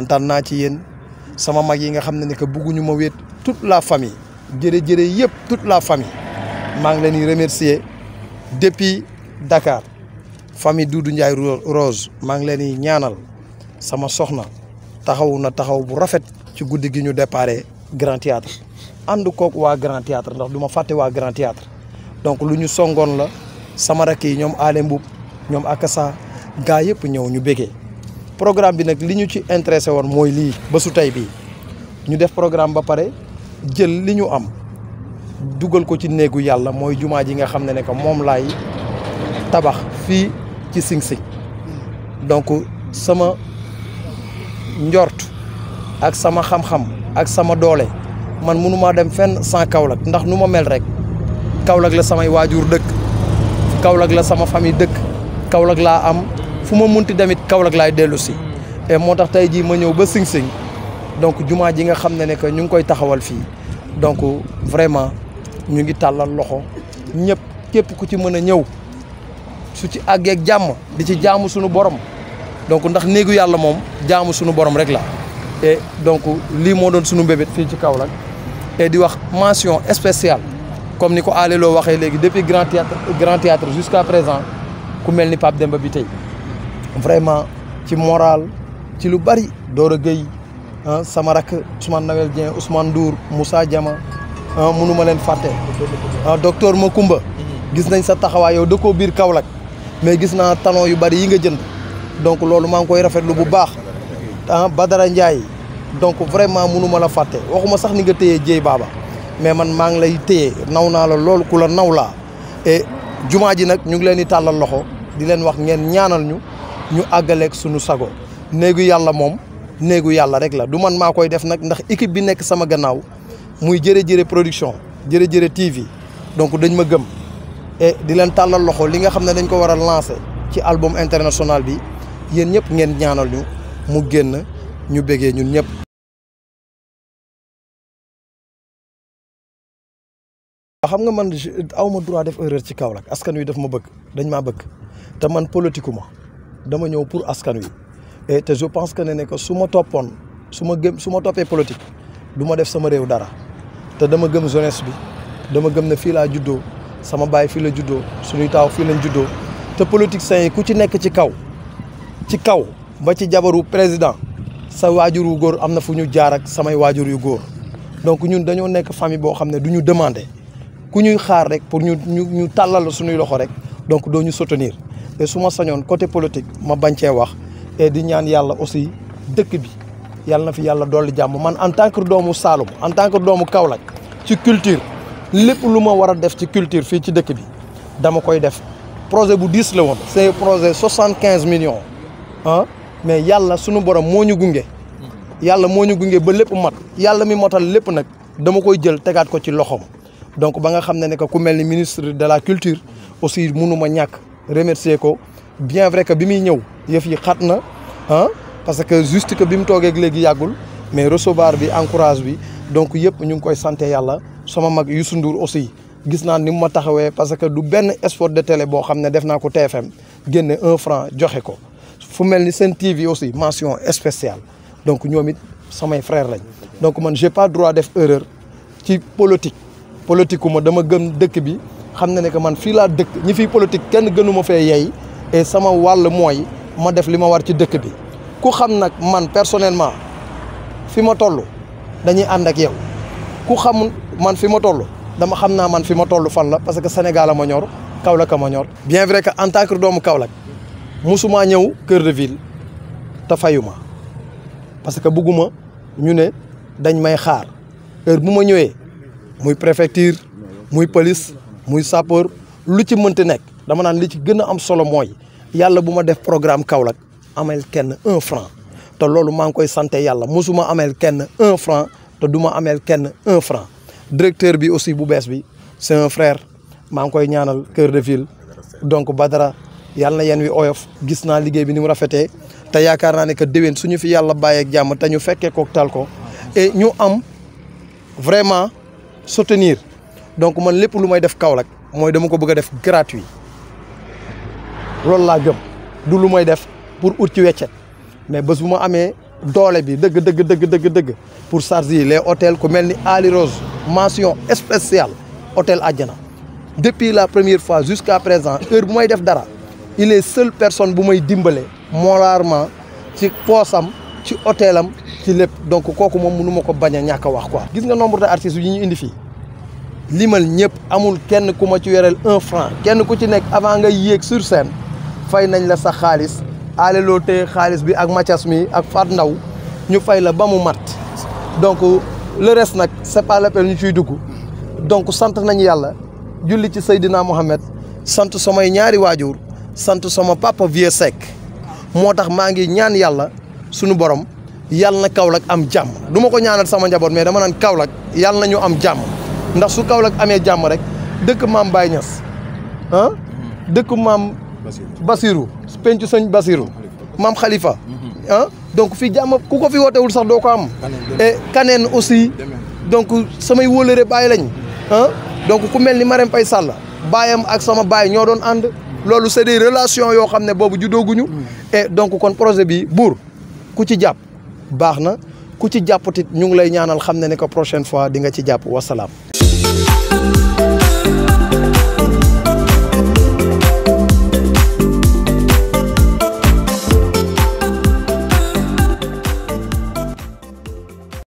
kontaan na ci yéen sama mag yi nga xamné ni ko que ma wéet toute la famille jërë-jërë yépp toute la famille ma ngi leen remercier depuis Dakar famille Doudou ndjay Rose ma ngi leen ñaanal sama soxna taxaw na taxaw bu rafet ci guddi gi ñu déparé Grand Théâtre ànd ko wa Grand Théâtre ndax duma faté wa Grand Théâtre donc lu ñu songone la sama rek yi ñom Alé Mboup ñoom Akassa gaa yépp ñew ñu bégee programme bi nag li ñu ci intéressé woon mooy lii bésu tey bii ñu def programme ba pare jël li ñu am dugal ko ci néegu yàlla mooy jumaa ji nga xam ne ne que moom laay tabax fii ci Sing Sing donc sama njort ak sama xamxam ak sama doole man mënumaa dem fenn sans Kaolack ndax nu ma mel rek Kaolack la samay waajur dëkk Kaolack la sama famille dëkk Kaolack laa am je munti damit lay hmm. et ma ñew ba Sing Sing donc ji nga xamne ne ñu donc vraiment ñu ngi talal loxo ñep kep ku ci mëna ñew su ci agge ak di ci suñu borom donc ndax neegu suñu borom rek et donc mention spéciale comme depuis grand grand théâtre jusqu'à présent ku n'est pas Demba vraiment ci moral ci lu bari Doro Gueye ah, sama rakk Ousmane Nawel Dieng Ousmane Ndour Moussa Diama ah, munu len faté fàtte ah, docteur Mokumba, gis nañ sa taxawaay yow ko bir Kaolack mais gis na talon yu bari yi nga jënd donc loolu maa ngi koy rafetlu bu baax hein Badara Ndiaye donc vraiment munu la faté waxuma sax ni nga téyee Djey Baba mais man mang ngi lay téye naw naa la loolu ku la naw laa et jumaa ji nag ñu ngi leni talal loxo di len wax ngeen ñaanal ñu ñu àggaleeg suñu sago néegu yàlla moom néegu yàlla rek la du man maa koy def nag ndax équipe bi nekk sama gannaaw muy jëre jëre production jërëjërë TV donc dañ ma gëm et di leen tàllal loxo li nga xam ne dañ ko waral a lancé ci album international bi yéen ñëpp ngeen ñaanal ñu mu génn ñu béggee ñun ñëpp. waaw xam nga man awma droit def erreur ci Kaolack askan wi def ma bëgg dañ maa bëgg te man politiku ma dama ñëw pour askan et je pense que ne ne que su suis politique duma def sama réew dara te dama gem jeunesse bi dama ne fi la judo, sama fi la juddoo suñu taw fi lañ judo. te politique sain ku ci nekk ci kaw ci kaw ba ci président sa wajuru jaar ak donc ñun dañu nekk famille bo ne demander xaar rek pour ñu ñu loxo rek donc nous soutenir et suma ma côté politique ma bañ cee wax et di ñaan yalla aussi dëkk bi yalla na fi yalla doli jamm man en tant que doomu Saloum en tant que doomu Kaolack ci culture lepp luma wara def ci culture fi ci dëkk bi dama koy def projet bu 10 la woon. c'est projet 75 millions hein mais yalla suñu borom moñu gungé yalla moñu gungé ba lepp mat yalla mi motal lepp nak dama koy jël tégaat ko ci loxom donc ba nga xamné ne ne que ku melni ministre de la culture aussi mënuma ñak remercier ko bien vrai que bi muy ñëw yëf yi xat na hein? parce que juste que bi mu toogeeg léegi yàggul mais recevoir bi encourage bi donc yëpp ñu ngi koy santé yalla sama mag Youssou Ndour aussi gis na ni mu taxawé parce que du ben spot de télé bo xamné ne def naa ko TFM génne un franc joxé ko fu melni sen TV aussi mention spéciale donc ñomit sama samay frère lañ donc man j'ai pas droit def erreur ci politique politique ma dama gëm dëkk bi xam ne que man fi la dëkk ñi fi politique kenn gënu ma fee yey et sama wàll moy ma def lima war ci dëkk bi ku xam nak man personnellement fi ma tollu dañuy and ak yow ku xam man fi ma tollu dama xamna man fi ma tollu fan la parce que Sénégal ma ñor Kaolack a ma ñor. bien vrai que en tant que doomu Kaolack musuma ñëw cœur de ville ta fayuma parce que bëgguma ñu né dañ may xaar heure bu ma muy préfecture muy police muy sapeur lu ci mënti nek dama nan li ci gëna am solo moy yalla buma def programme kaolak amel kenn 1 franc te lolu maa ngi koy sant yàlla mosuma amel kenn 1 franc te duma amel kenn 1 franc directeur bi aussi bu bees bi c'est un frère maa ngi koy ñaanal cœur de ville donc Badara yalla na yéen wi oyof gis na liggéey bi ni mu rafetee te yaakar na ne que dewen suñu fi yalla baye ak jamm te ñu fekkee ko tal ko et ñu am vraiment soutenir donc man lépp lu may def Kaolack mooy dama ko bëgg def gratuit loolu laa gëm du lu may def pour ut ci weccet mais bés bu ma amee doole bi dëgg dëgg dëgg dëgg dëgg pour charge les hôtels ku mel ni Ali Rose mention spéciale hôtel Adjana depuis la première fois jusqu'à présent heure bu may def dara il est seule personne bu may dimbale moralement ci poosam ci hôtelam ci lépp donc kooku moom mënu ma ko bañ a ñàkk a wax quoi. gis nga nombre de artistes yi ñu indi fii. limal ñëpp amul kenn ku ma ci yoreel un franc kenn ku ci nekk avant nga yéeg sur scène fay nañ la sa xaalis aale loo xaalis bi ak Mathias mi ak Fat Ndaw ñu fay la ba mu mat donc le nag c'est ñu ciy dugg donc sant nañu yàlla julli ci Seydina Mohamed sant samay ñaari waajur sant sama papa Vieux Seck moo tax maa ngi ñaan yàlla sunu borom yàlla na Kaolack am jàmm du ma ko ñaanal sama njaboot mais dama naan Kaolack yàlla na ñu am jàmm ndax su Kaolack amee jàmm rek dëkk maam Baye Niass ah mhm. dëkk maam Basirou pencu sëñ Basirou maam xalifa mhm. ah donc fii jàmm ku ko fi wootewul sax doo ko am et e, kaneen aussi donc samay wóolëre bàyyi lañ ah donc ku mel ni Marème Faye Sall baayam ak sama baay ñoo doon ànd loolu c'est des relations yoo xam ne boobu judooguñu mhm. et donc kon projet bi buur ku ci jàpp baax na ku ci jàppatit ñu ngi lay ñaanal xam ne ne que prochaine fois di nga ci jàpp wasalaam